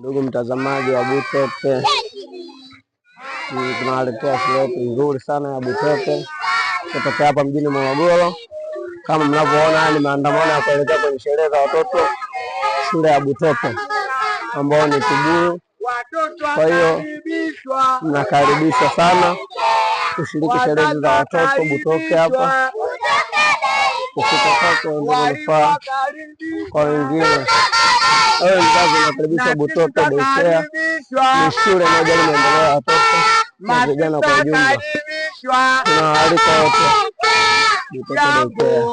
Ndugu mtazamaji wa Butepe, tunawaletea shule yetu nzuri sana ya Butepe kutokea hapa mjini Morogoro. Kama mnavyoona, ni maandamano ya kuelekea kwenye sherehe za watoto shule ya Butepe ambao ni Tubuyu. Kwa hiyo mnakaribishwa sana kushiriki sherehe za watoto Butoke hapa manufaa kwa wengine. Hayo mzazi inakaribisha Butoto Daycare, ni shule inayojali maendeleo ya watoto na vijana kwa ujumla. Tunawaalika wote Butoto Daycare,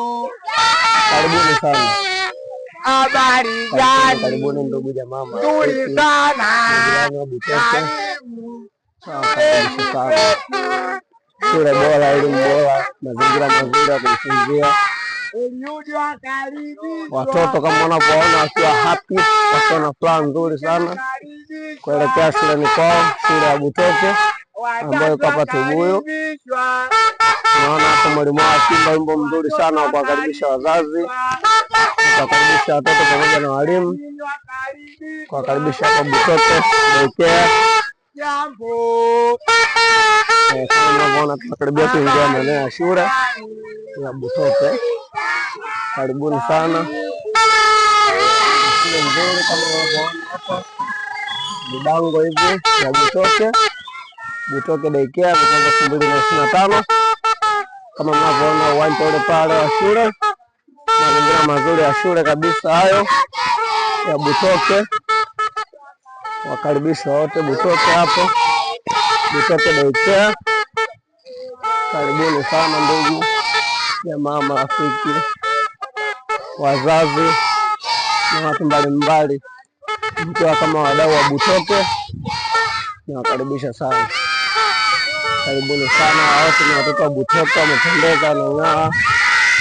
karibuni sana. Habari gani? Karibuni ndugu jamaa, nzuri sana Butoto, shule bora, elimu bora, mazingira mazuri ya kujifunzia Watoto kama wanavyoona wakiwa happy, wakiwa na furaha nzuri sana kuelekea shuleni kwao, shule ya Butoke ambayo iko hapa Tubuyu. Naona hapo mwalimu wao akiimba wimbo mzuri sana wa kuwakaribisha wazazi, kuwakaribisha watoto pamoja na walimu, kuwakaribisha hapa Butoke daycare. Eh, unavyoona tunakaribia kuingia maeneo ya shule ya Butoke. Karibuni sana nzuri, kama unavyoona hapa vibango hivi ya Butoke, Butoke Daycare kutoka elfu mbili na ishirini na tano. Kama mnavyoona uwanja ule pale wa shule, mazingira mazuri ya shule kabisa hayo ya Butoke. Wakaribisha wote Butoke hapo, Butoke Daycare. Karibuni sana ndugu mama marafiki wazazi na watu mbalimbali, mkiwa kama wadau wa Butoke, nawakaribisha sana. Karibuni sana wote, ni watoto wa Butoke wametembeza wanang'aa,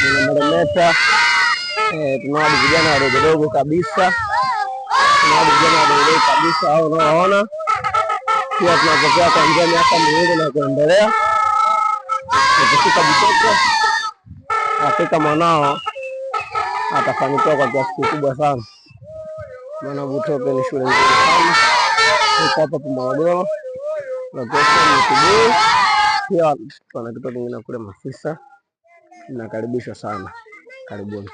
wanameremeta. Eh, tunawadi vijana wadogodogo kabisa, tunawadi vijana wadogodogo kabisa au unaoona pia tunatokea kuanzia miaka miwili na kuendelea. Ukifika Butoke, hakika mwanao atafanikiwa kwa kiasi kikubwa sana, maana Butoke ni shule nzuri sana, iko hapa Morogoro, pia wana kitu kingine kule Mafisa. Mnakaribishwa sana, karibuni.